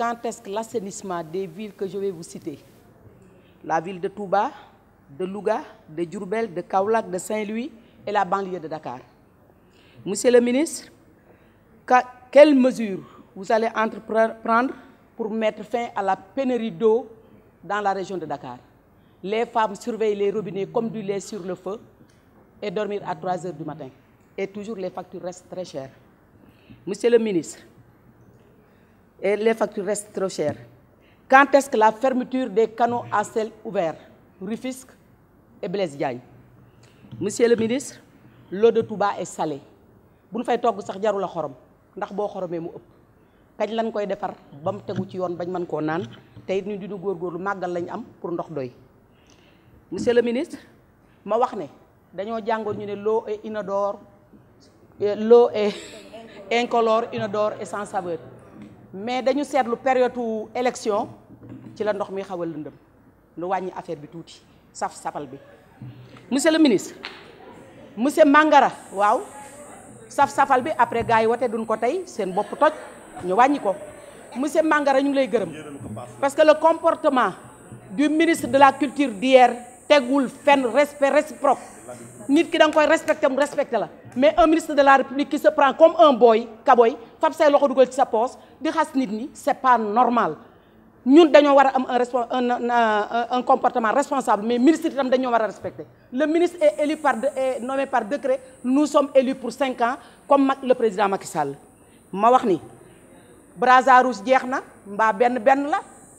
quand est-ce que l'assainissement des villes que je vais vous citer, la ville de Touba, de Louga, de Djourbel, de Kaulak, de Saint-Louis et la banlieue de Dakar. Monsieur le ministre, quelles mesures vous allez entreprendre pour mettre fin à la pénurie d'eau dans la région de Dakar Les femmes surveillent les robinets comme du lait sur le feu et dormir à 3 heures du matin. Et toujours les factures restent très chères. Monsieur le ministre, et les factures restent trop chères. Quand est-ce que la fermeture des canaux à sel ouvert, Rufisque et Blaise Monsieur le ministre, l'eau de Touba est salée. bu ñu fay togg sax jarul a xorom ndax boo xoromee mu ëpp kañ lañ koy vous ba mu tegu ci yoon bañ que vous naan te it ñu di góorgóorlu màggal lañ am pour ndox doy. monsieur le ministre ma wax ne dañoo jàngoon ñu ne l'eau est inodore l'eau est incolore inodore et sans saveur mais dañu seetlu période élection ci la ndox mi xawal a lu wañi affaire bi touti saf sapal bi monsieur le ministre monsieur Mangara waaw saf safal après gars wote duñ ko tay seen monsieur Mangara ñu lay parce que le comportement du ministre de la culture d'hier tegul fenn respect réciproque nit ki respect koy respecter mu respecté la mais un ministre de la république qui se prend comme un boy kaboy fab say loxo dugal ci sa poste di xas nit ni, c'est pas normal ñun devons wara am un un comportement responsable mais ministre tam dañoo wara respecter le ministre est élu par nommé par décret nous sommes élus pour 5 ans comme le président Macky Sall ma wax ni brassard rouge jeex na ben benn la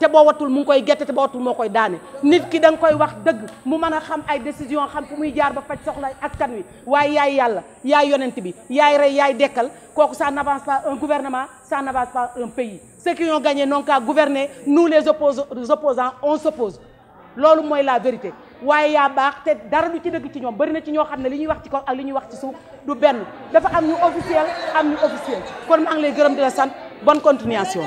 te boo watul mu ngoy koy gerte te boo watul moo koy daane nit ki dang koy wax deug mu meuna xam ay décision xam fu muy jaar ba fajj soxla askan wi way yaay yalla yaay yonent bi yaay ray yaay dekkal koku ça n'avance pas un gouvernement ça n'avance pas un pays ceux qui ont gagné n'ont qu'à gouverner nous les opposants on s'oppose loolu moy la vérité waaye ya baax té dara du ci dëgg ci ñom bari na ci ño xamné ne li ñuy wax ci ko ak li ñuy wax ci suuf du benn dafa am ñu officiel am ñu officiel kon ma ngi lay gërëm di la sant bonne continuation